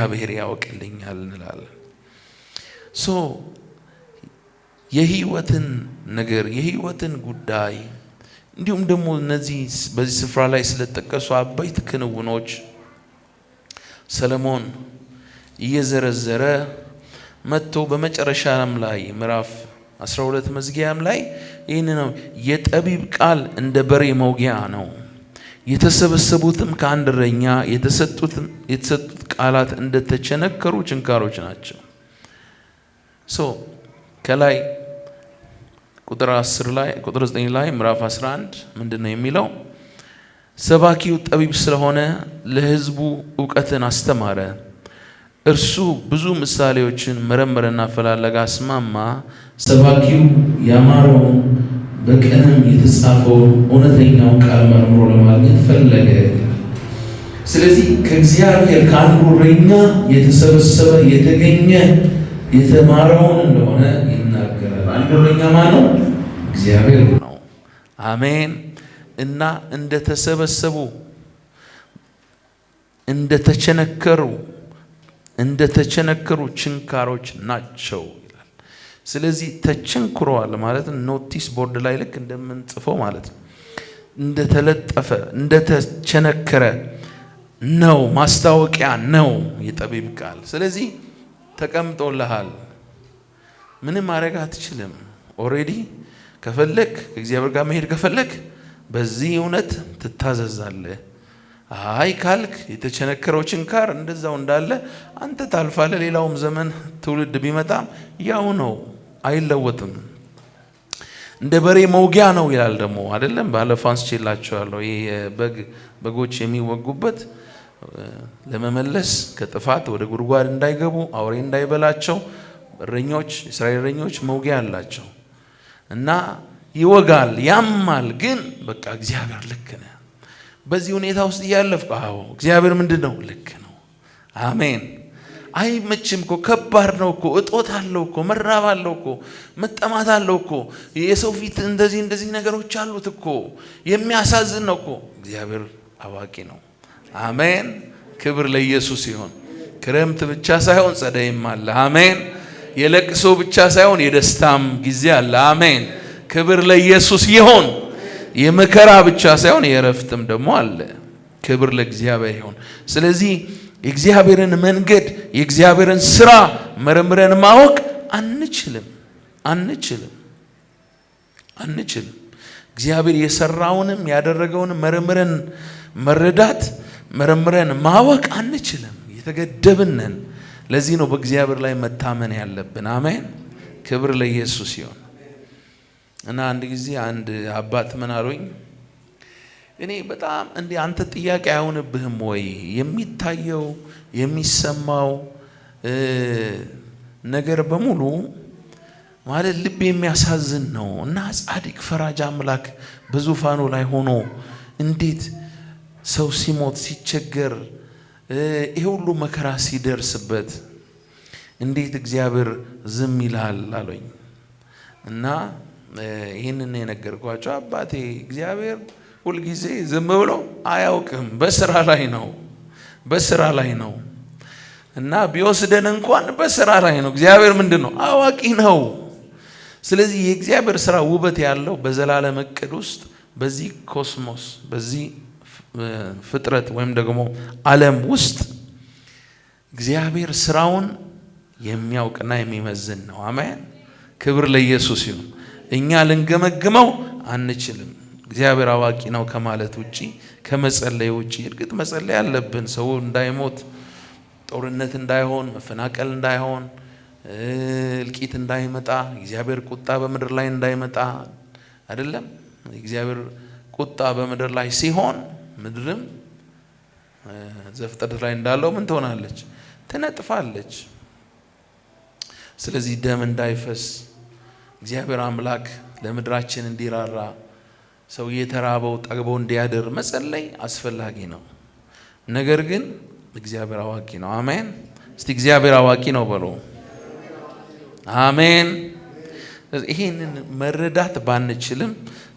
እግዚአብሔር ያውቅልኛል እንላለን። ሶ የህይወትን ነገር የህይወትን ጉዳይ እንዲሁም ደግሞ እነዚህ በዚህ ስፍራ ላይ ስለጠቀሱ አበይት ክንውኖች ሰለሞን እየዘረዘረ መጥቶ በመጨረሻም ላይ ምዕራፍ 12 መዝጊያም ላይ ይህን ነው የጠቢብ ቃል እንደ በሬ መውጊያ ነው። የተሰበሰቡትም ከአንድ እረኛ የተሰጡት ቃላት እንደተቸነከሩ ችንካሮች ናቸው። ሶ ከላይ ቁጥር 10 ላይ ቁጥር 9 ላይ ምዕራፍ 11 ምንድን ነው የሚለው? ሰባኪው ጠቢብ ስለሆነ ለህዝቡ እውቀትን አስተማረ። እርሱ ብዙ ምሳሌዎችን መረመረና ፈላለጋ አስማማ። ሰባኪው ያማረውን በቀለም የተጻፈውን እውነተኛውን ቃል መርምሮ ለማግኘት ፈለገ። ስለዚህ ከእግዚአብሔር ከአንዱ እረኛ የተሰበሰበ የተገኘ የተማረውን እንደሆነ ይናገራል። አንዱ እረኛ ነው? እግዚአብሔር ነው። አሜን። እና እንደተሰበሰቡ እንደተቸነከሩ እንደተቸነከሩ ችንካሮች ናቸው። ስለዚህ ተቸንክሯል ማለት ኖቲስ ቦርድ ላይ ልክ እንደምንጽፈው ማለት ነው፣ እንደተለጠፈ እንደተቸነከረ ነው፣ ማስታወቂያ ነው የጠቢብ ቃል። ስለዚህ ተቀምጦልሃል፣ ምንም ማድረግ አትችልም። ኦሬዲ ከፈለክ ከእግዚአብሔር ጋር መሄድ ከፈለክ በዚህ እውነት ትታዘዛለህ። አይ ካልክ የተቸነከረው ችንካር እንደዛው እንዳለ አንተ ታልፋለ ሌላውም ዘመን ትውልድ ቢመጣም ያው ነው። አይለወጥም። እንደ በሬ መውጊያ ነው ይላል ደግሞ አይደለም። ባለፈው አንስቼላችኋለሁ። ይህ በግ በጎች የሚወጉበት ለመመለስ ከጥፋት ወደ ጉድጓድ እንዳይገቡ አውሬ እንዳይበላቸው እረኞች፣ እስራኤል እረኞች መውጊያ አላቸው እና ይወጋል፣ ያማል። ግን በቃ እግዚአብሔር ልክ ነው። በዚህ ሁኔታ ውስጥ እያለፍኩ አዎ እግዚአብሔር ምንድን ነው ልክ ነው። አሜን አይመችም እኮ ከባድ ነው እኮ እጦት አለው እኮ መራብ አለው እኮ መጠማት አለው እኮ የሰው ፊት እንደዚህ እንደዚህ ነገሮች አሉት እኮ የሚያሳዝን ነው እኮ። እግዚአብሔር አዋቂ ነው። አሜን። ክብር ለኢየሱስ ይሁን። ክረምት ብቻ ሳይሆን ጸደይም አለ። አሜን። የለቅሶ ብቻ ሳይሆን የደስታም ጊዜ አለ። አሜን። ክብር ለኢየሱስ ይሁን። የመከራ ብቻ ሳይሆን የእረፍትም ደግሞ አለ። ክብር ለእግዚአብሔር ይሁን። ስለዚህ የእግዚአብሔርን መንገድ የእግዚአብሔርን ስራ መርምረን ማወቅ አንችልም አንችልም አንችልም። እግዚአብሔር የሰራውንም ያደረገውን መርምረን መረዳት መርምረን ማወቅ አንችልም። የተገደብነን። ለዚህ ነው በእግዚአብሔር ላይ መታመን ያለብን። አሜን። ክብር ለኢየሱስ ይሁን እና አንድ ጊዜ አንድ አባት ምን አሉኝ እኔ በጣም እንዲህ አንተ ጥያቄ አይሆንብህም ወይ? የሚታየው የሚሰማው ነገር በሙሉ ማለት ልብ የሚያሳዝን ነው እና ጻድቅ ፈራጅ አምላክ በዙፋኑ ላይ ሆኖ እንዴት ሰው ሲሞት ሲቸገር ይሄ ሁሉ መከራ ሲደርስበት እንዴት እግዚአብሔር ዝም ይላል አሉኝ እና ይህንን የነገርኳቸው አባቴ እግዚአብሔር ሁልጊዜ ዝም ብሎ አያውቅም። በስራ ላይ ነው፣ በስራ ላይ ነው እና ቢወስደን እንኳን በስራ ላይ ነው። እግዚአብሔር ምንድን ነው አዋቂ ነው። ስለዚህ የእግዚአብሔር ስራ ውበት ያለው በዘላለም እቅድ ውስጥ በዚህ ኮስሞስ በዚህ ፍጥረት ወይም ደግሞ ዓለም ውስጥ እግዚአብሔር ስራውን የሚያውቅና የሚመዝን ነው። አሜን። ክብር ለኢየሱስ ይሁን። እኛ ልንገመግመው አንችልም። እግዚአብሔር አዋቂ ነው ከማለት ውጪ ከመጸለይ ውጪ እርግጥ መጸለይ አለብን ሰው እንዳይሞት ጦርነት እንዳይሆን መፈናቀል እንዳይሆን እልቂት እንዳይመጣ እግዚአብሔር ቁጣ በምድር ላይ እንዳይመጣ አይደለም እግዚአብሔር ቁጣ በምድር ላይ ሲሆን ምድርም ዘፍጥረት ላይ እንዳለው ምን ትሆናለች ትነጥፋለች ስለዚህ ደም እንዳይፈስ እግዚአብሔር አምላክ ለምድራችን እንዲራራ ሰው የተራበው ጠግበው እንዲያደር መጸለይ አስፈላጊ ነው። ነገር ግን እግዚአብሔር አዋቂ ነው። አሜን። እስቲ እግዚአብሔር አዋቂ ነው በሎ። አሜን። ይህንን መረዳት ባንችልም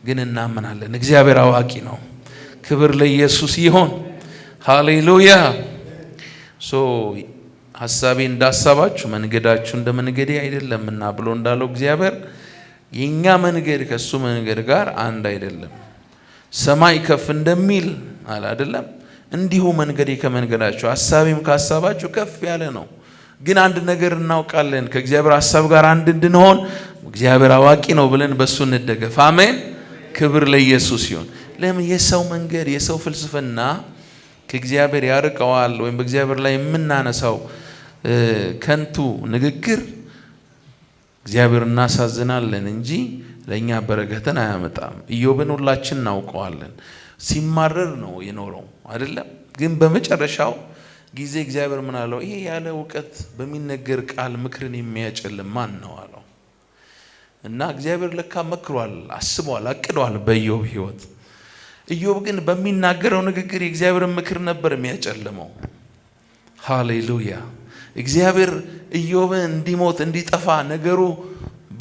ግን እናምናለን። እግዚአብሔር አዋቂ ነው። ክብር ለኢየሱስ ይሆን። ሃሌሉያ። ሶ ሀሳቤ እንዳሳባችሁ መንገዳችሁ እንደ መንገዴ አይደለምና ብሎ እንዳለው እግዚአብሔር የእኛ መንገድ ከእሱ መንገድ ጋር አንድ አይደለም። ሰማይ ከፍ እንደሚል አለ አይደለም፣ እንዲሁ መንገዴ ከመንገዳችሁ ሀሳቤም ከሀሳባችሁ ከፍ ያለ ነው። ግን አንድ ነገር እናውቃለን፣ ከእግዚአብሔር ሀሳብ ጋር አንድ እንድንሆን እግዚአብሔር አዋቂ ነው ብለን በእሱ እንደገፍ። አሜን። ክብር ለኢየሱስ ይሁን። ለምን የሰው መንገድ የሰው ፍልስፍና ከእግዚአብሔር ያርቀዋል? ወይም በእግዚአብሔር ላይ የምናነሳው ከንቱ ንግግር እግዚአብሔር እናሳዝናለን እንጂ ለእኛ በረከትን አያመጣም። ኢዮብን ሁላችን እናውቀዋለን። ሲማረር ነው የኖረው አይደለም። ግን በመጨረሻው ጊዜ እግዚአብሔር ምን አለው? ይሄ ያለ እውቀት በሚነገር ቃል ምክርን የሚያጨልም ማን ነው አለው እና እግዚአብሔር ለካ መክሯል፣ አስቧል፣ አቅዷል በኢዮብ ህይወት ኢዮብ ግን በሚናገረው ንግግር የእግዚአብሔርን ምክር ነበር የሚያጨልመው። ሃሌሉያ እግዚአብሔር ኢዮብ እንዲሞት እንዲጠፋ ነገሩ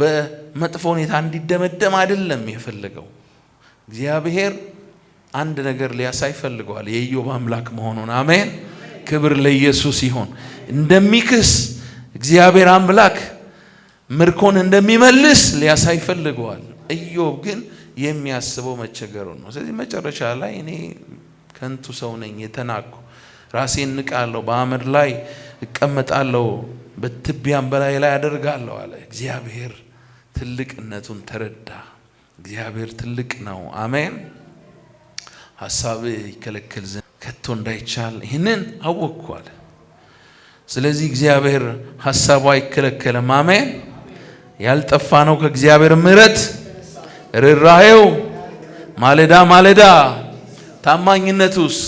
በመጥፎ ሁኔታ እንዲደመደም አይደለም የፈለገው። እግዚአብሔር አንድ ነገር ሊያሳይ ፈልገዋል፣ የኢዮብ አምላክ መሆኑን። አሜን፣ ክብር ለኢየሱስ ይሁን እንደሚክስ እግዚአብሔር አምላክ ምርኮን እንደሚመልስ ሊያሳይ ፈልገዋል። ኢዮብ ግን የሚያስበው መቸገሩ ነው። ስለዚህ መጨረሻ ላይ እኔ ከንቱ ሰው ነኝ፣ የተናኩ ራሴን ንቃለሁ በአመድ ላይ እቀመጣለሁ፣ በትቢያም በላይ ላይ አደርጋለሁ አለ። እግዚአብሔር ትልቅነቱን ተረዳ። እግዚአብሔር ትልቅ ነው። አሜን። ሀሳብ ይከለከል ዘንድ ከቶ እንዳይቻል ይህንን አወቅኩ አለ። ስለዚህ እግዚአብሔር ሀሳቡ አይከለከልም። አሜን። ያልጠፋ ነው ከእግዚአብሔር ምሕረት ርኅራኄው ማለዳ ማለዳ ታማኝነቱስ።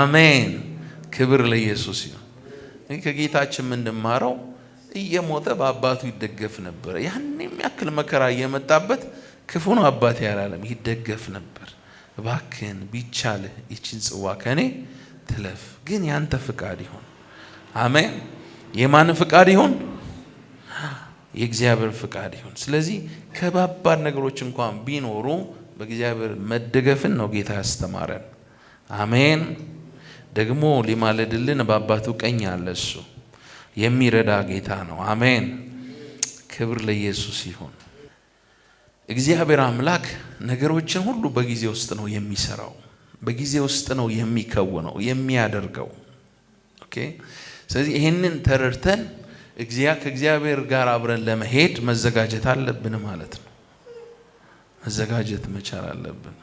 አሜን። ክብር ለኢየሱስ ይሁን። ከጌታችን የምንማረው እየሞተ በአባቱ ይደገፍ ነበር። ያን የሚያክል መከራ እየመጣበት ክፉ ነው አባት ያላለም ይደገፍ ነበር። እባክህን ቢቻልህ ይችን ጽዋ ከኔ ትለፍ፣ ግን ያንተ ፍቃድ ይሁን። አሜን። የማን ፍቃድ ይሁን? የእግዚአብሔር ፍቃድ ይሁን። ስለዚህ ከባባድ ነገሮች እንኳን ቢኖሩ በእግዚአብሔር መደገፍን ነው ጌታ ያስተማረን። አሜን። ደግሞ ሊማለድልን በአባቱ ቀኝ አለ። እሱ የሚረዳ ጌታ ነው። አሜን። ክብር ለኢየሱስ ይሁን። እግዚአብሔር አምላክ ነገሮችን ሁሉ በጊዜ ውስጥ ነው የሚሰራው፣ በጊዜ ውስጥ ነው የሚከውነው የሚያደርገው። ኦኬ። ስለዚህ ይህንን ተረድተን እግዚያ ከእግዚአብሔር ጋር አብረን ለመሄድ መዘጋጀት አለብን ማለት ነው። መዘጋጀት መቻል አለብን።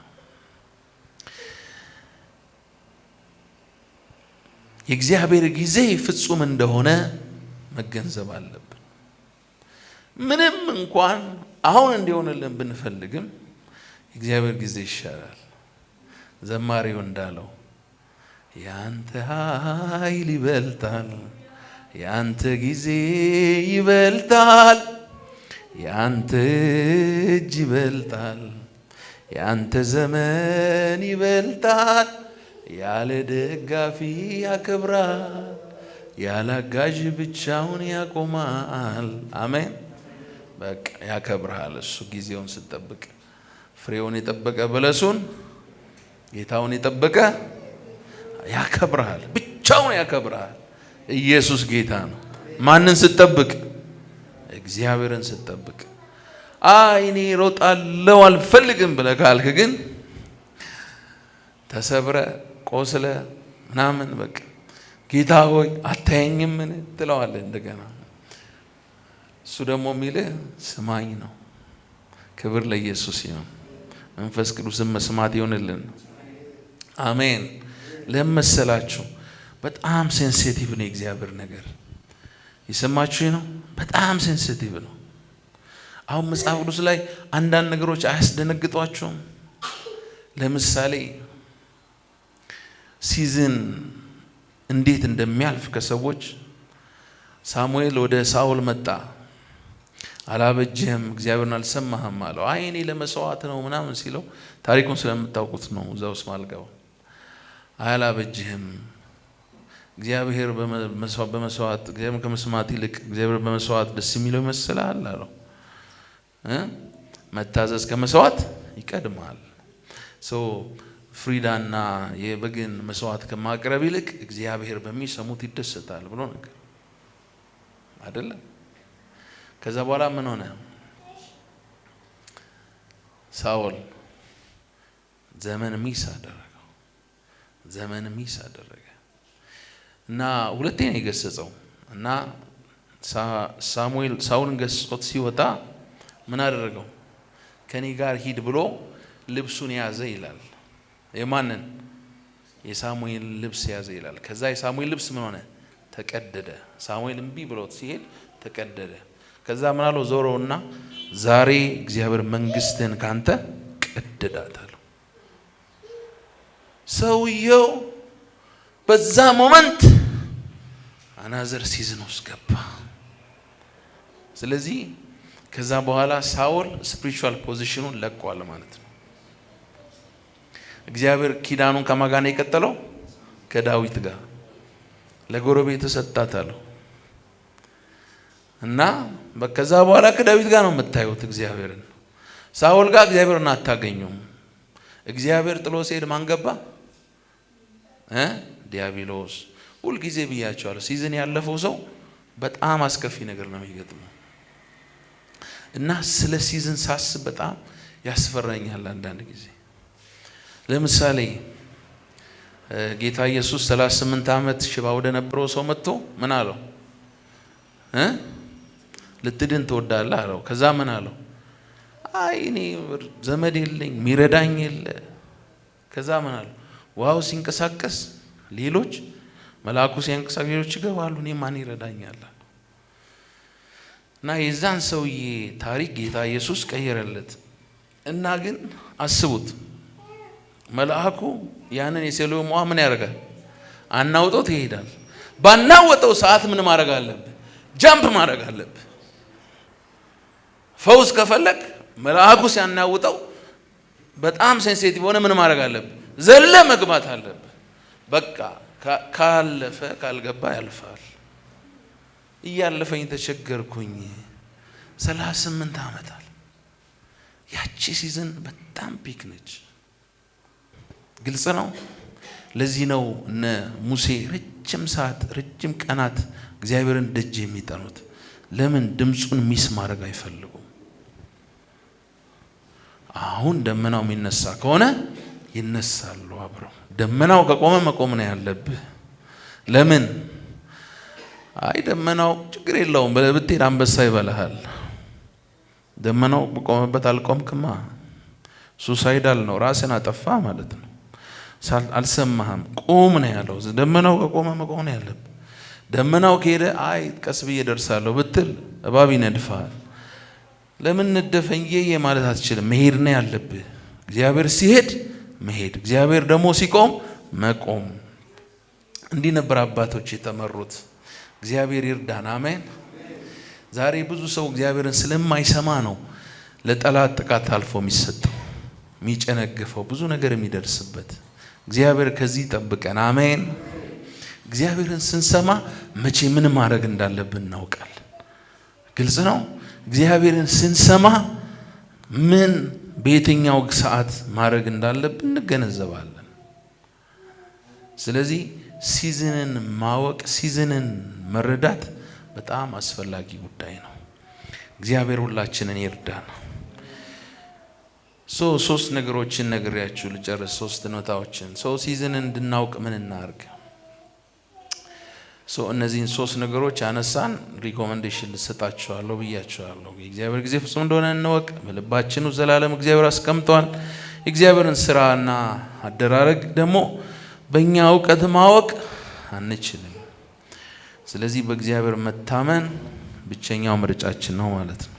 የእግዚአብሔር ጊዜ ፍጹም እንደሆነ መገንዘብ አለብን። ምንም እንኳን አሁን እንዲሆንልን ብንፈልግም የእግዚአብሔር ጊዜ ይሻላል። ዘማሪው እንዳለው ያንተ ኃይል ይበልጣል፣ ያንተ ጊዜ ይበልጣል፣ ያንተ እጅ ይበልጣል፣ ያንተ ዘመን ይበልጣል ያለ ደጋፊ ያከብራል፣ ያለ አጋዥ ብቻውን ያቆማል። አሜን። በቃ ያከብርሃል። እሱ ጊዜውን ስጠብቅ ፍሬውን የጠበቀ በለሱን ጌታውን የጠበቀ ያከብርሃል። ብቻውን ያከብርሃል። ኢየሱስ ጌታ ነው። ማንን ስጠብቅ? እግዚአብሔርን ስጠብቅ። አይ እኔ ሮጣለው አልፈልግም ብለህ ካልክ ግን ተሰብረ ቆስለ ምናምን በቃ ጌታ ሆይ ምን ትለዋለ እንደገና እሱ ደግሞ የሚል ስማኝ ነው። ክብር ለኢየሱስ ይሁን። መንፈስ ቅዱስን መስማት ይሆንልን። አሜን። ለመሰላችሁ በጣም ሴንሲቲቭ ነው የእግዚአብሔር ነገር። የሰማችሁ ነው። በጣም ሴንሲቲቭ ነው። አሁን መጽሐፍ ቅዱስ ላይ አንዳንድ ነገሮች አያስደነግጧችሁም? ለምሳሌ ሲዝን እንዴት እንደሚያልፍ ከሰዎች ሳሙኤል ወደ ሳውል መጣ። አላበጀህም፣ እግዚአብሔርን አልሰማህም አለው። አይ እኔ ለመስዋዕት ነው ምናምን ሲለው ታሪኩን ስለምታውቁት ነው፣ እዛ ውስጥ ማልገባ። አይ አላበጀህም፣ እግዚአብሔር በመስዋዕት እግዚአብሔር ከመስማት ይልቅ እግዚአብሔር በመስዋዕት ደስ የሚለው ይመስልሃል አለው። መታዘዝ ከመስዋዕት ይቀድማል። ፍሪዳና የበግን መስዋዕት ከማቅረብ ይልቅ እግዚአብሔር በሚሰሙት ይደሰታል ብሎ ነገር አይደለም። ከዛ በኋላ ምን ሆነ? ሳውል ዘመን ሚስ አደረገው። ዘመን ሚስ አደረገ እና ሁለቴ ነው የገሰጸው እና ሳሙኤል ሳውልን ገሶት ሲወጣ ምን አደረገው? ከኔ ጋር ሂድ ብሎ ልብሱን ያዘ ይላል የማንን የሳሙኤል ልብስ ያዘ ይላል። ከዛ የሳሙኤል ልብስ ምን ሆነ? ተቀደደ። ሳሙኤል እምቢ ብሎት ሲሄድ ተቀደደ። ከዛ ምን አለው? ዞሮና ዛሬ እግዚአብሔር መንግስትን ካንተ ቀደዳታለሁ። ሰውየው በዛ ሞመንት አናዘር ሲዝን ውስጥ ገባ። ስለዚህ ከዛ በኋላ ሳውል ስፒሪቹዋል ፖዚሽኑን ለቋል ማለት ነው። እግዚአብሔር ኪዳኑን ከማጋነ የቀጠለው ከዳዊት ጋር ለጎረቤት ሰጣት አለው እና ከዛ በኋላ ከዳዊት ጋር ነው የምታዩት እግዚአብሔርን። ሳኦል ጋር እግዚአብሔርን አታገኙም። እግዚአብሔር ጥሎ ሲሄድ ማን ገባ? ዲያብሎስ። ሁልጊዜ ብያቸዋለሁ፣ ሲዝን ያለፈው ሰው በጣም አስከፊ ነገር ነው የሚገጥመው። እና ስለ ሲዝን ሳስብ በጣም ያስፈራኛል አንዳንድ ጊዜ ለምሳሌ ጌታ ኢየሱስ 38 ዓመት ሽባ ወደ ነበረው ሰው መጥቶ ምን አለው? ልትድን ትወዳለህ አለው። ከዛ ምን አለው? አይ እኔ ዘመድ የለኝ ሚረዳኝ የለ። ከዛ ምን አለው? ውሃው ሲንቀሳቀስ ሌሎች መልአኩ ሲያንቀሳቀስ ሌሎች ይገባሉ፣ እኔ ማን ይረዳኛል? እና የዛን ሰውዬ ታሪክ ጌታ ኢየሱስ ቀየረለት እና ግን አስቡት መልአኩ ያንን የሴሎ ሞአ ምን ያደርጋል? አናውጠው ይሄዳል። ባናወጠው ሰዓት ምን ማድረግ አለብህ? ጃምፕ ማድረግ አለብህ። ፈውስ ከፈለግ መልአኩ ሲያናውጠው በጣም ሴንሴቲቭ ሆነ ምን ማድረግ አለብህ? ዘለ መግባት አለብህ። በቃ ካለፈ ካልገባ ያልፋል። እያለፈኝ ተቸገርኩኝ። ሰላሳ ስምንት ዓመታል ያቺ ሲዝን በጣም ፒክ ነች። ግልጽ ነው። ለዚህ ነው እነ ሙሴ ረጅም ሰዓት ረጅም ቀናት እግዚአብሔርን ደጅ የሚጠኑት። ለምን ድምፁን ሚስ ማድረግ አይፈልጉም። አሁን ደመናው የሚነሳ ከሆነ ይነሳሉ አብረው። ደመናው ከቆመ መቆም ነው ያለብህ። ለምን አይ ደመናው ችግር የለውም ብትሄድ አንበሳ ይበልሃል። ደመናው በቆመበት አልቆምክማ፣ ሱሳይዳል ነው ራስን አጠፋ ማለት ነው። አልሰማህም፣ ቁም ነው ያለው። ደመናው ከቆመ መቆም ነው ደመናው ከሄደ አይ ቀስ ብዬ ደርሳለሁ ብትል እባብ ይነድፋል። ለምን ነደፈኝ ዬ ማለት አትችልም። መሄድ ነው ያለብህ። እግዚአብሔር ሲሄድ መሄድ፣ እግዚአብሔር ደግሞ ሲቆም መቆም። እንዲህ ነበር አባቶች የተመሩት። እግዚአብሔር ይርዳን። አሜን። ዛሬ ብዙ ሰው እግዚአብሔርን ስለማይሰማ ነው ለጠላት ጥቃት አልፎ የሚሰጠው የሚጨነግፈው ብዙ ነገር የሚደርስበት እግዚአብሔር ከዚህ ጠብቀን። አሜን። እግዚአብሔርን ስንሰማ መቼ ምን ማድረግ እንዳለብን እናውቃለን። ግልጽ ነው። እግዚአብሔርን ስንሰማ ምን በየትኛው ሰዓት ማድረግ እንዳለብን እንገነዘባለን። ስለዚህ ሲዝንን ማወቅ፣ ሲዝንን መረዳት በጣም አስፈላጊ ጉዳይ ነው። እግዚአብሔር ሁላችንን ነው። ሶስት ነገሮችን ነግሬያችሁ ልጨርስ። ሶስት እውነታዎችን ሰው ሲዝን እንድናውቅ ምን እናርግ? እነዚህን ሶስት ነገሮች አነሳን። ሪኮመንዴሽን ልሰጣችኋለሁ ብያችኋለሁ። የእግዚአብሔር ጊዜ ፍጹም እንደሆነ እንወቅ። በልባችን ዘላለም እግዚአብሔር አስቀምጧል። የእግዚአብሔርን ስራና አደራረግ ደግሞ በእኛ እውቀት ማወቅ አንችልም። ስለዚህ በእግዚአብሔር መታመን ብቸኛው ምርጫችን ነው ማለት ነው።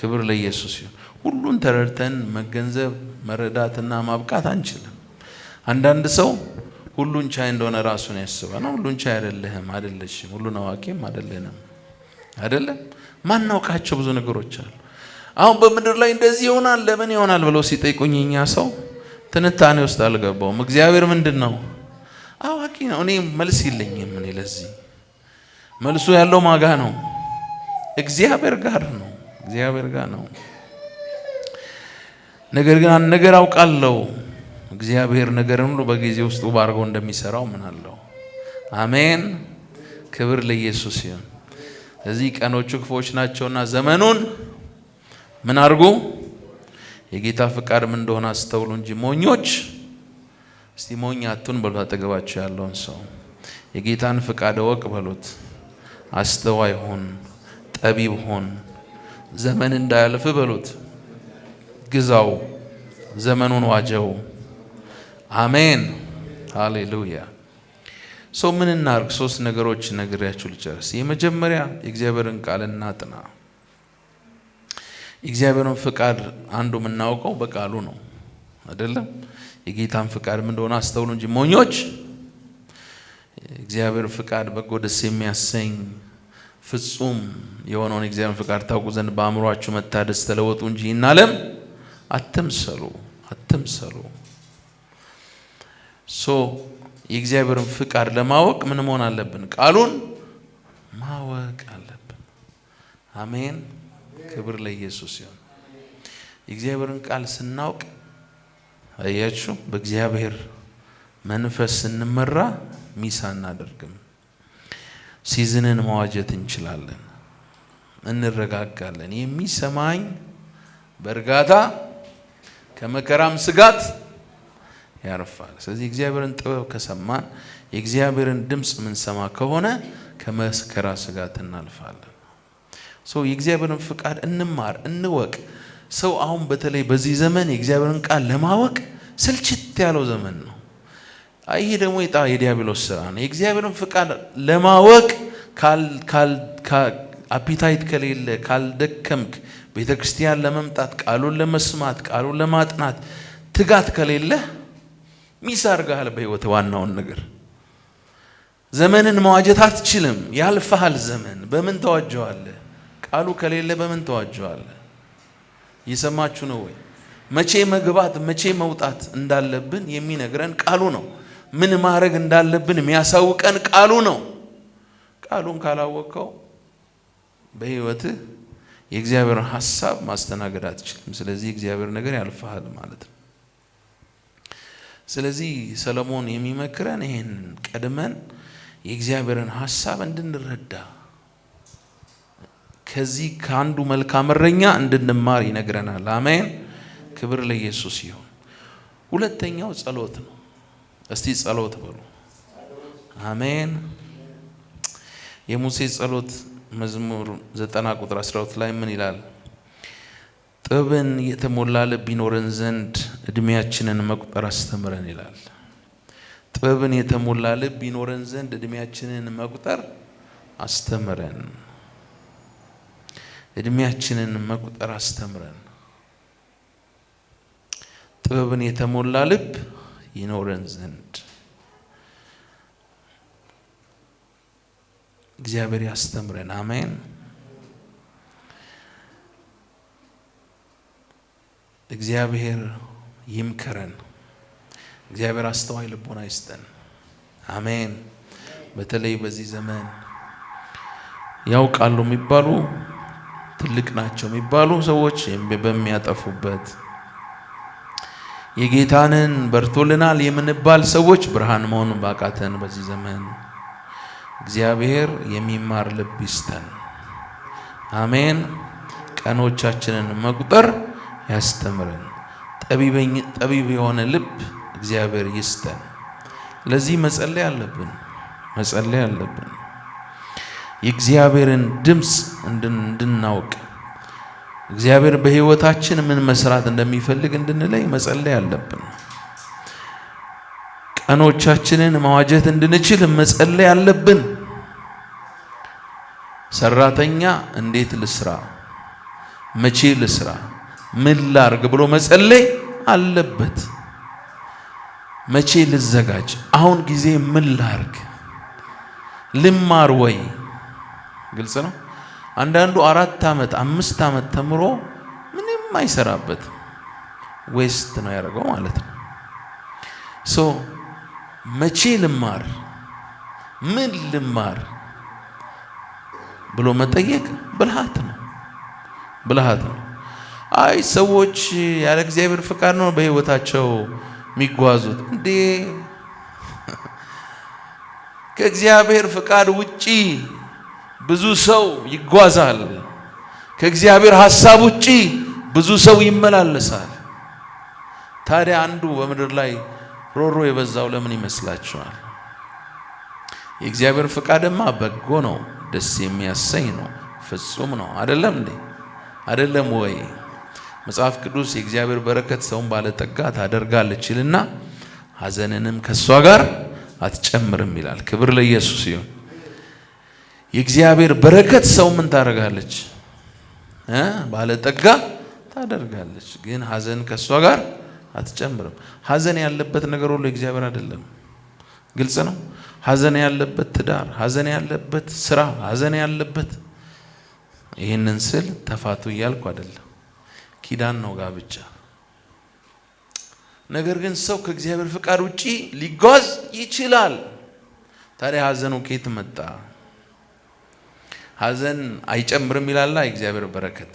ክብር ለኢየሱስ ይሁን። ሁሉን ተረድተን መገንዘብ መረዳትና ማብቃት አንችልም። አንዳንድ ሰው ሁሉን ቻይ እንደሆነ ራሱን ያስባል። ሁሉን ቻይ አይደለህም፣ አይደለሽም፣ ሁሉን አዋቂም አይደለንም። አይደለም ማናውቃቸው ብዙ ነገሮች አሉ። አሁን በምድር ላይ እንደዚህ ይሆናል ለምን ይሆናል ብለው ሲጠይቁኝ እኛ ሰው ትንታኔ ውስጥ አልገባውም። እግዚአብሔር ምንድን ነው? አዋቂ ነው። እኔ መልስ የለኝም። እኔ ለዚህ መልሱ ያለው ማጋ ነው? እግዚአብሔር ጋር ነው። እግዚአብሔር ጋር ነው። ነገር ግን አንድ ነገር አውቃለሁ፣ እግዚአብሔር ነገርን ሁሉ በጊዜ ውስጥ ውብ አድርጎ እንደሚሰራው ምን አለው። አሜን። ክብር ለኢየሱስ ይሁን። እዚህ ቀኖቹ ክፎች ናቸውና ዘመኑን ምን አድርጉ የጌታ ፍቃድ ምን እንደሆነ አስተውሉ እንጂ ሞኞች። እስቲ ሞኝ አቱን በሉት፣ አጠገባቸው ያለውን ሰው የጌታን ፍቃድ እወቅ በሉት። አስተዋይ ሆን፣ ጠቢብ ሆን፣ ዘመን እንዳያልፍ በሉት። ግዛው፣ ዘመኑን ዋጀው። አሜን ሃሌሉያ። ሰው ምን እናርግ? ሶስት ነገሮች ነግሬያችሁ ልጨርስ። የመጀመሪያ የእግዚአብሔርን ቃል እናጥና። የእግዚአብሔርን ፍቃድ አንዱ የምናውቀው በቃሉ ነው አይደለም? የጌታን ፍቃድ ምን እንደሆነ አስተውሉ እንጂ ሞኞች። እግዚአብሔር ፍቃድ በጎ፣ ደስ የሚያሰኝ ፍጹም የሆነውን የእግዚአብሔር ፍቃድ ታውቁ ዘንድ በአእምሯችሁ መታደስ ተለወጡ እንጂ ይናለም አትምሰሉ አትምሰሉ። ሶ የእግዚአብሔርን ፍቃድ ለማወቅ ምን መሆን አለብን? ቃሉን ማወቅ አለብን። አሜን። ክብር ለኢየሱስ ይሁን። የእግዚአብሔርን ቃል ስናውቅ አያችሁ፣ በእግዚአብሔር መንፈስ ስንመራ ሚስ አናደርግም። ሲዝንን መዋጀት እንችላለን፣ እንረጋጋለን። የሚሰማኝ በእርጋታ ከመከራም ስጋት ያርፋል። ስለዚህ የእግዚአብሔርን ጥበብ ከሰማን የእግዚአብሔርን ድምፅ የምንሰማ ከሆነ ከመከራ ስጋት እናልፋለን። ሰው የእግዚአብሔርን ፍቃድ እንማር፣ እንወቅ። ሰው አሁን በተለይ በዚህ ዘመን የእግዚአብሔርን ቃል ለማወቅ ስልችት ያለው ዘመን ነው። ይሄ ደግሞ የጣ የዲያብሎስ ስራ ነው። የእግዚአብሔርን ፍቃድ ለማወቅ አፒታይት ከሌለ ካልደከምክ ቤተ ክርስቲያን ለመምጣት ቃሉን ለመስማት ቃሉን ለማጥናት ትጋት ከሌለ ሚስ በህይወት ዋናውን ነገር ዘመንን መዋጀት አትችልም። ያልፈሃል። ዘመን በምን ተዋጀዋለ? ቃሉ ከሌለ በምን ተዋጀዋለ እየሰማችሁ ነው ወይ? መቼ መግባት መቼ መውጣት እንዳለብን የሚነግረን ቃሉ ነው። ምን ማድረግ እንዳለብን የሚያሳውቀን ቃሉ ነው። ቃሉን ካላወቀው በህይወትህ የእግዚአብሔር ሀሳብ ማስተናገድ አትችልም። ስለዚህ እግዚአብሔር ነገር ያልፋል ማለት ነው። ስለዚህ ሰለሞን የሚመክረን ይህንን ቀድመን የእግዚአብሔርን ሀሳብ እንድንረዳ ከዚህ ከአንዱ መልካም እረኛ እንድንማር ይነግረናል። አሜን። ክብር ለኢየሱስ ይሁን። ሁለተኛው ጸሎት ነው። እስቲ ጸሎት በሉ። አሜን። የሙሴ ጸሎት መዝሙር ዘጠና ቁጥር 12 ላይ ምን ይላል? ጥበብን የተሞላ ልብ ይኖረን ዘንድ እድሜያችንን መቁጠር አስተምረን ይላል። ጥበብን የተሞላ ልብ ይኖረን ዘንድ እድሜያችንን መቁጠር አስተምረን፣ እድሜያችንን መቁጠር አስተምረን። ጥበብን የተሞላ ልብ ይኖረን ዘንድ እግዚአብሔር ያስተምረን። አሜን። እግዚአብሔር ይምከረን። እግዚአብሔር አስተዋይ ልቦና ይስጠን። አሜን። በተለይ በዚህ ዘመን ያውቃሉ የሚባሉ ትልቅ ናቸው የሚባሉ ሰዎች በሚያጠፉበት የጌታንን በርቶልናል የምንባል ሰዎች ብርሃን መሆኑን ባቃተን በዚህ ዘመን እግዚአብሔር የሚማር ልብ ይስተን አሜን። ቀኖቻችንን መቁጠር ያስተምረን። ጠቢብ የሆነ ልብ እግዚአብሔር ይስተን ለዚህ መጸለይ አለብን፣ መጸለይ አለብን። የእግዚአብሔርን ድምፅ እንድናውቅ እግዚአብሔር በሕይወታችን ምን መስራት እንደሚፈልግ እንድንለይ መጸለይ አለብን። ቀኖቻችንን መዋጀት እንድንችል መጸለይ አለብን። ሰራተኛ እንዴት ልስራ፣ መቼ ልስራ፣ ምን ላርግ ብሎ መጸለይ አለበት። መቼ ልዘጋጅ፣ አሁን ጊዜ ምን ላርግ፣ ልማር ወይ? ግልጽ ነው። አንዳንዱ አራት ዓመት አምስት ዓመት ተምሮ ምንም አይሰራበት ዌስት ነው ያደርገው ማለት ነው። ሶ መቼ ልማር፣ ምን ልማር ብሎ መጠየቅ ብልሃት ነው። ብልሃት ነው። አይ ሰዎች ያለ እግዚአብሔር ፍቃድ ነው በህይወታቸው የሚጓዙት እንዴ? ከእግዚአብሔር ፍቃድ ውጪ ብዙ ሰው ይጓዛል። ከእግዚአብሔር ሀሳብ ውጪ ብዙ ሰው ይመላለሳል። ታዲያ አንዱ በምድር ላይ ሮሮ የበዛው ለምን ይመስላችኋል? የእግዚአብሔር ፍቃድማ በጎ ነው። ደስ የሚያሰኝ ነው፣ ፍጹም ነው። አይደለም እንዴ? አይደለም ወይ? መጽሐፍ ቅዱስ የእግዚአብሔር በረከት ሰውን ባለጠጋ ታደርጋለች ይልና ሐዘንንም ከእሷ ጋር አትጨምርም ይላል። ክብር ለኢየሱስ ይሁን። የእግዚአብሔር በረከት ሰው ምን ታደርጋለች? ባለጠጋ ታደርጋለች፣ ግን ሐዘን ከእሷ ጋር አትጨምርም። ሐዘን ያለበት ነገር ሁሉ እግዚአብሔር አይደለም። ግልጽ ነው። ሐዘን ያለበት ትዳር፣ ሐዘን ያለበት ስራ፣ ሐዘን ያለበት ይህንን ስል ተፋቱ እያልኩ አይደለም። ኪዳን ነው ጋብቻ። ነገር ግን ሰው ከእግዚአብሔር ፍቃድ ውጪ ሊጓዝ ይችላል። ታዲያ ሐዘኑ ከየት መጣ? ሐዘን አይጨምርም ይላላ የእግዚአብሔር በረከት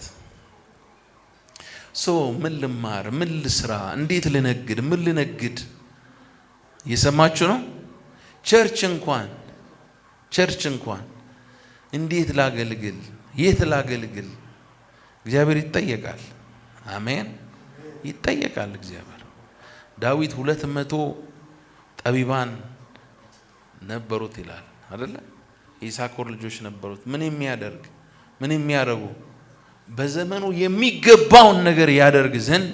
ሶ ምን ልማር፣ ምን ልስራ፣ እንዴት ልነግድ፣ ምን ልነግድ፣ እየሰማችሁ ነው። ቸርች እንኳን ቸርች እንኳን እንዴት ላገልግል፣ የት ላገልግል፣ እግዚአብሔር ይጠየቃል። አሜን ይጠየቃል። እግዚአብሔር ዳዊት ሁለት መቶ ጠቢባን ነበሩት ይላል አደለ? የይሳኮር ልጆች ነበሩት። ምን የሚያደርግ ምን የሚያደርጉ በዘመኑ የሚገባውን ነገር ያደርግ ዘንድ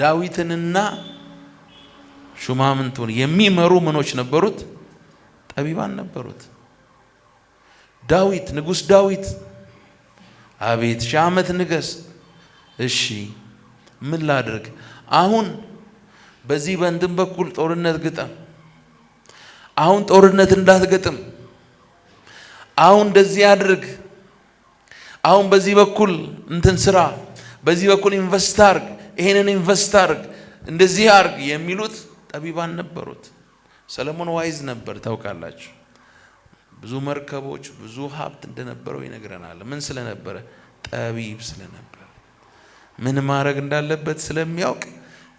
ዳዊትንና ሹማምንቱን የሚመሩ ምኖች ነበሩት ጠቢባን ነበሩት። ዳዊት ንጉስ ዳዊት አቤት ሺህ ዓመት ንገስ። እሺ ምን ላድርግ አሁን? በዚህ በእንትን በኩል ጦርነት ግጠም፣ አሁን ጦርነት እንዳትገጥም፣ አሁን እንደዚህ አድርግ፣ አሁን በዚህ በኩል እንትን ስራ፣ በዚህ በኩል ኢንቨስት አርግ፣ ይሄንን ኢንቨስት አርግ፣ እንደዚህ አርግ የሚሉት ጠቢባን ነበሩት። ሰለሞን ዋይዝ ነበር ታውቃላችሁ። ብዙ መርከቦች፣ ብዙ ሀብት እንደነበረው ይነግረናል። ምን ስለነበረ? ጠቢብ ስለነበረ ምን ማድረግ እንዳለበት ስለሚያውቅ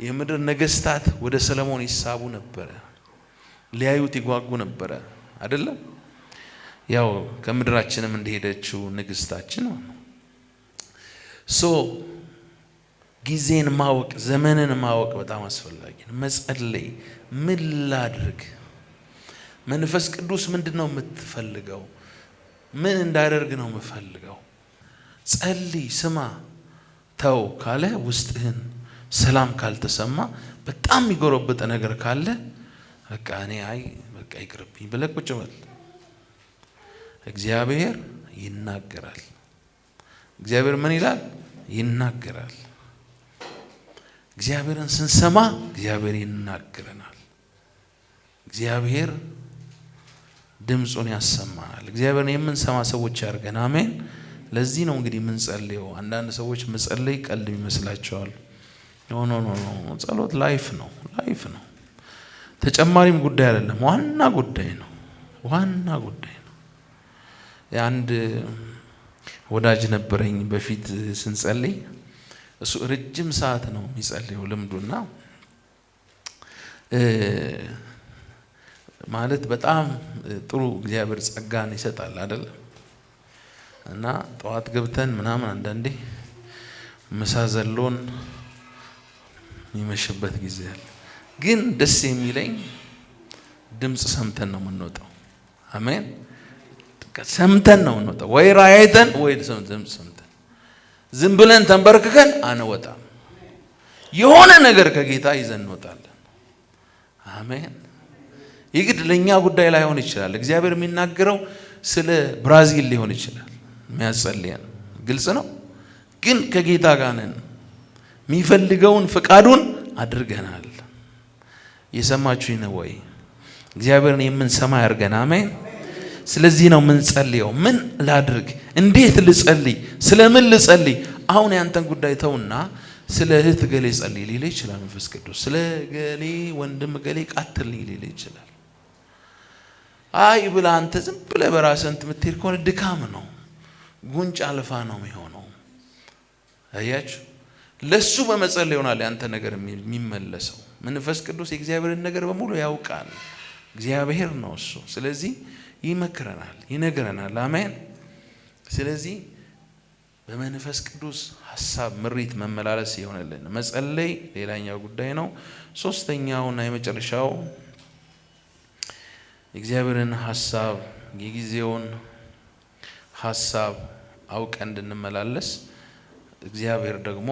የምድር ነገስታት ወደ ሰለሞን ይሳቡ ነበረ፣ ሊያዩት ይጓጉ ነበረ። አይደለም ያው ከምድራችንም እንደሄደችው ንግስታችን ነው። ሶ ጊዜን ማወቅ ዘመንን ማወቅ በጣም አስፈላጊ ነው። መጸለይ ምን ላድርግ? መንፈስ ቅዱስ ምንድን ነው የምትፈልገው? ምን እንዳደርግ ነው የምፈልገው? ጸልይ፣ ስማ፣ ተው ካለ ውስጥህን ሰላም ካልተሰማ በጣም የሚጎረበጠ ነገር ካለ በቃ እኔ አይ በቃ ይቅርብኝ ብለህ ቁጭ በል። እግዚአብሔር ይናገራል። እግዚአብሔር ምን ይላል? ይናገራል። እግዚአብሔርን ስንሰማ እግዚአብሔር ይናገረናል። እግዚአብሔር ድምፁን ያሰማናል። እግዚአብሔርን የምንሰማ ሰዎች ያድርገን። አሜን። ለዚህ ነው እንግዲህ የምንጸልየው። አንዳንድ ሰዎች መጸለይ ቀልድ ይመስላቸዋል። ኖ ኖ ኖ ኖ፣ ጸሎት ላይፍ ነው፣ ላይፍ ነው። ተጨማሪም ጉዳይ አይደለም፣ ዋና ጉዳይ ነው፣ ዋና ጉዳይ ነው። አንድ ወዳጅ ነበረኝ በፊት ስንጸልይ፣ እሱ ረጅም ሰዓት ነው የሚጸልየው ልምዱና ማለት በጣም ጥሩ እግዚአብሔር ጸጋን ይሰጣል አይደለም። እና ጠዋት ገብተን ምናምን አንዳንዴ ምሳ ዘሎን የሚመሽበት ጊዜ አለ። ግን ደስ የሚለኝ ድምፅ ሰምተን ነው የምንወጣው። አሜን። ሰምተን ነው የምንወጣው፣ ወይ ራእይ ወይ ድምፅ ሰምተን። ዝም ብለን ተንበርክከን አንወጣም። የሆነ ነገር ከጌታ ይዘን እንወጣለን። አሜን። የግድ ለእኛ ጉዳይ ላይሆን ይችላል። እግዚአብሔር የሚናገረው ስለ ብራዚል ሊሆን ይችላል። የሚያጸልየን ግልጽ ነው። ግን ከጌታ ጋር ነን። የሚፈልገውን ፍቃዱን አድርገናል። የሰማችሁኝ ነው ወይ? እግዚአብሔርን የምንሰማ ያድርገን። አሜን። ስለዚህ ነው የምንጸልየው። ምን ላድርግ? እንዴት ልጸልይ? ስለ ምን ልጸልይ? አሁን ያንተን ጉዳይ ተውና ስለ እህት ገሌ ጸልይ ሊል ይችላል መንፈስ ቅዱስ። ስለ ገሌ ወንድም ገሌ ቃትል ሊል ይችላል አይ ብላ አንተ ዝም ብለ በራስህ የምትሄድ ከሆነ ድካም ነው፣ ጉንጭ አልፋ ነው የሚሆነው። አያችሁ፣ ለሱ በመጸለይ ይሆናል ያንተ ነገር የሚመለሰው። መንፈስ ቅዱስ የእግዚአብሔርን ነገር በሙሉ ያውቃል። እግዚአብሔር ነው እሱ። ስለዚህ ይመክረናል፣ ይነግረናል። አሜን። ስለዚህ በመንፈስ ቅዱስ ሀሳብ ምሪት መመላለስ ይሆነልን። መጸለይ ሌላኛው ጉዳይ ነው። ሶስተኛውና የመጨረሻው የእግዚአብሔርን ሀሳብ የጊዜውን ሀሳብ አውቀ እንድንመላለስ እግዚአብሔር ደግሞ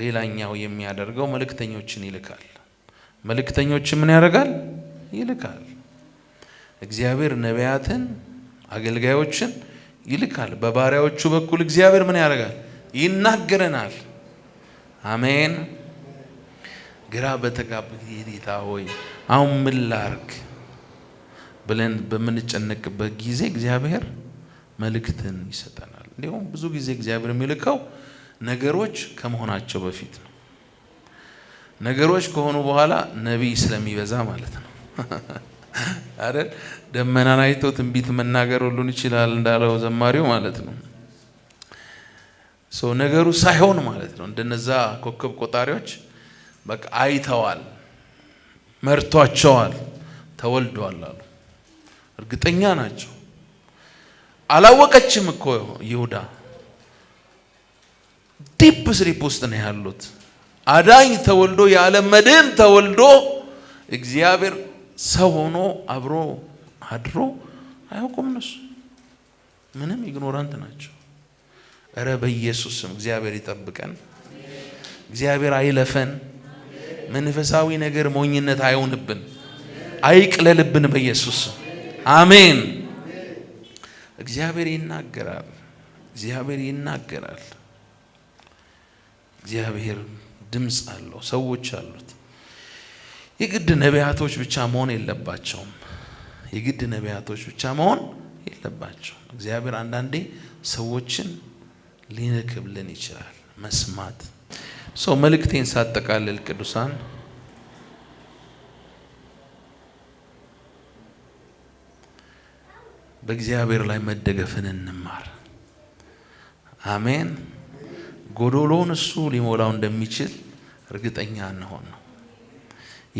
ሌላኛው የሚያደርገው መልእክተኞችን ይልካል። መልእክተኞችን ምን ያደርጋል? ይልካል። እግዚአብሔር ነቢያትን፣ አገልጋዮችን ይልካል። በባሪያዎቹ በኩል እግዚአብሔር ምን ያደርጋል? ይናገረናል። አሜን። ግራ በተጋብ ጌታ ሆይ አሁን ምን ላርግ ብለን በምንጨነቅበት ጊዜ እግዚአብሔር መልእክትን ይሰጠናል። እንዲሁም ብዙ ጊዜ እግዚአብሔር የሚልከው ነገሮች ከመሆናቸው በፊት ነው። ነገሮች ከሆኑ በኋላ ነቢይ ስለሚበዛ ማለት ነው አይደል? ደመናን አይቶ ትንቢት መናገር ሁሉን ይችላል እንዳለው ዘማሪው ማለት ነው። ሰው ነገሩ ሳይሆን ማለት ነው። እንደነዛ ኮከብ ቆጣሪዎች በቃ አይተዋል፣ መርቷቸዋል፣ ተወልዷል አሉ። እርግጠኛ ናቸው። አላወቀችም እኮ ይሁዳ ዲፕ ስሊፕ ውስጥ ነው ያሉት። አዳኝ ተወልዶ የዓለም መድን ተወልዶ እግዚአብሔር ሰው ሆኖ አብሮ አድሮ አያውቁም። እነሱ ምንም ኢግኖራንት ናቸው። እረ በኢየሱስ ስም እግዚአብሔር ይጠብቀን። እግዚአብሔር አይለፈን። መንፈሳዊ ነገር ሞኝነት አይሆንብን፣ አይቅለልብን በኢየሱስ ስም አሜን። እግዚአብሔር ይናገራል። እግዚአብሔር ይናገራል። እግዚአብሔር ድምፅ አለው። ሰዎች አሉት። የግድ ነቢያቶች ብቻ መሆን የለባቸውም። የግድ ነቢያቶች ብቻ መሆን የለባቸውም። እግዚአብሔር አንዳንዴ ሰዎችን ሊልክብልን ይችላል። መስማት ሰው መልእክቴን ሳጠቃልል ቅዱሳን በእግዚአብሔር ላይ መደገፍን እንማር። አሜን። ጎዶሎን እሱ ሊሞላው እንደሚችል እርግጠኛ እንሆን ነው።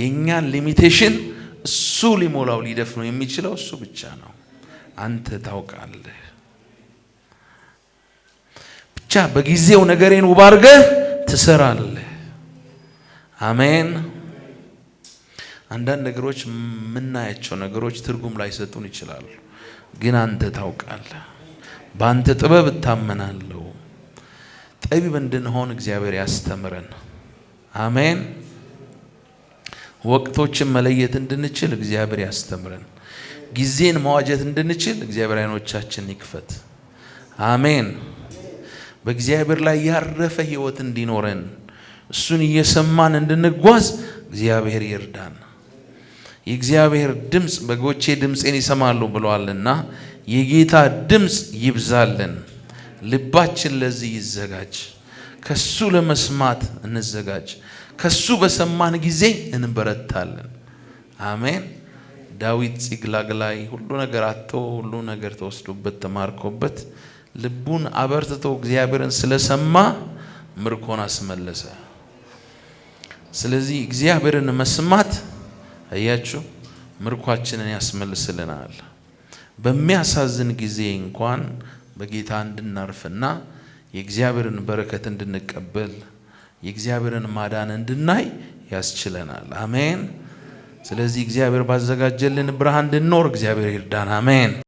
የእኛን ሊሚቴሽን እሱ ሊሞላው ሊደፍ ነው የሚችለው እሱ ብቻ ነው። አንተ ታውቃለህ። ብቻ በጊዜው ነገሬን ውብ አድርገህ ትሰራለህ። አሜን። አንዳንድ ነገሮች የምናያቸው ነገሮች ትርጉም ላይሰጡን ይችላሉ። ግን አንተ ታውቃለህ። በአንተ ጥበብ እታመናለሁ። ጠቢብ እንድንሆን እግዚአብሔር ያስተምረን። አሜን። ወቅቶችን መለየት እንድንችል እግዚአብሔር ያስተምረን። ጊዜን መዋጀት እንድንችል እግዚአብሔር አይኖቻችን ይክፈት። አሜን። በእግዚአብሔር ላይ ያረፈ ሕይወት እንዲኖረን እሱን እየሰማን እንድንጓዝ እግዚአብሔር ይርዳን። የእግዚአብሔር ድምፅ በጎቼ ድምፄን ይሰማሉ ብለዋልና የጌታ ድምፅ ይብዛልን። ልባችን ለዚህ ይዘጋጅ። ከሱ ለመስማት እንዘጋጅ። ከሱ በሰማን ጊዜ እንበረታለን። አሜን። ዳዊት ጺቅላግ ላይ ሁሉ ነገር አጥቶ ሁሉ ነገር ተወስዶበት ተማርኮበት ልቡን አበርትቶ እግዚአብሔርን ስለሰማ ምርኮን አስመለሰ። ስለዚህ እግዚአብሔርን መስማት አያችሁ፣ ምርኳችንን ያስመልስልናል። በሚያሳዝን ጊዜ እንኳን በጌታ እንድናርፍና የእግዚአብሔርን በረከት እንድንቀበል የእግዚአብሔርን ማዳን እንድናይ ያስችለናል። አሜን። ስለዚህ እግዚአብሔር ባዘጋጀልን ብርሃን እንድንኖር እግዚአብሔር ይርዳን። አሜን።